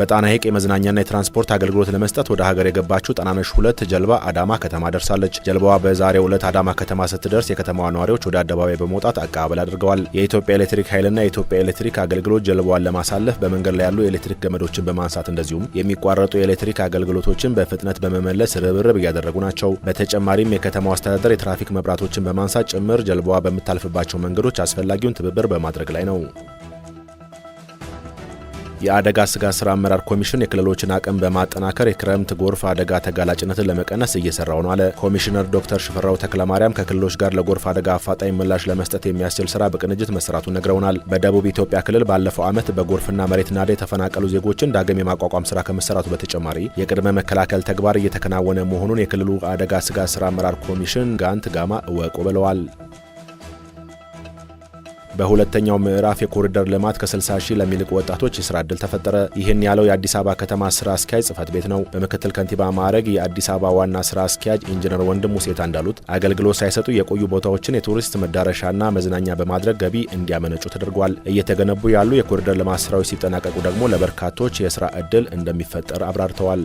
በጣና ሐይቅ የመዝናኛና የትራንስፖርት አገልግሎት ለመስጠት ወደ ሀገር የገባችው ጣናነሽ ሁለት ጀልባ አዳማ ከተማ ደርሳለች። ጀልባዋ በዛሬው ዕለት አዳማ ከተማ ስትደርስ የከተማዋ ነዋሪዎች ወደ አደባባይ በመውጣት አቀባበል አድርገዋል። የኢትዮጵያ ኤሌክትሪክ ኃይልና የኢትዮጵያ ኤሌክትሪክ አገልግሎት ጀልባዋን ለማሳለፍ በመንገድ ላይ ያሉ የኤሌክትሪክ ገመዶችን በማንሳት እንደዚሁም የሚቋረጡ የኤሌክትሪክ አገልግሎቶችን በፍጥነት በመመለስ ርብርብ እያደረጉ ናቸው። በተጨማሪም የከተማው አስተዳደር የትራፊክ መብራቶችን በማንሳት ጭምር ጀልባዋ በምታልፍባቸው መንገዶች አስፈላጊውን ትብብር በማድረግ ላይ ነው። የአደጋ ስጋት ስራ አመራር ኮሚሽን የክልሎችን አቅም በማጠናከር የክረምት ጎርፍ አደጋ ተጋላጭነትን ለመቀነስ እየሰራው ነው አለ። ኮሚሽነር ዶክተር ሽፈራው ተክለማርያም ከክልሎች ጋር ለጎርፍ አደጋ አፋጣኝ ምላሽ ለመስጠት የሚያስችል ስራ በቅንጅት መሰራቱን ነግረውናል። በደቡብ ኢትዮጵያ ክልል ባለፈው ዓመት በጎርፍና መሬት ናዳ የተፈናቀሉ ዜጎችን ዳግም የማቋቋም ስራ ከመሰራቱ በተጨማሪ የቅድመ መከላከል ተግባር እየተከናወነ መሆኑን የክልሉ አደጋ ስጋት ስራ አመራር ኮሚሽን ጋንት ጋማ እወቁ ብለዋል። በሁለተኛው ምዕራፍ የኮሪደር ልማት ከ60 ሺህ ለሚልቁ ወጣቶች የስራ ዕድል ተፈጠረ። ይህን ያለው የአዲስ አበባ ከተማ ስራ አስኪያጅ ጽህፈት ቤት ነው። በምክትል ከንቲባ ማዕረግ የአዲስ አበባ ዋና ስራ አስኪያጅ ኢንጂነር ወንድሙ ሴታ እንዳሉት አገልግሎት ሳይሰጡ የቆዩ ቦታዎችን የቱሪስት መዳረሻና መዝናኛ በማድረግ ገቢ እንዲያመነጩ ተደርጓል። እየተገነቡ ያሉ የኮሪደር ልማት ስራዎች ሲጠናቀቁ ደግሞ ለበርካቶች የስራ ዕድል እንደሚፈጠር አብራርተዋል።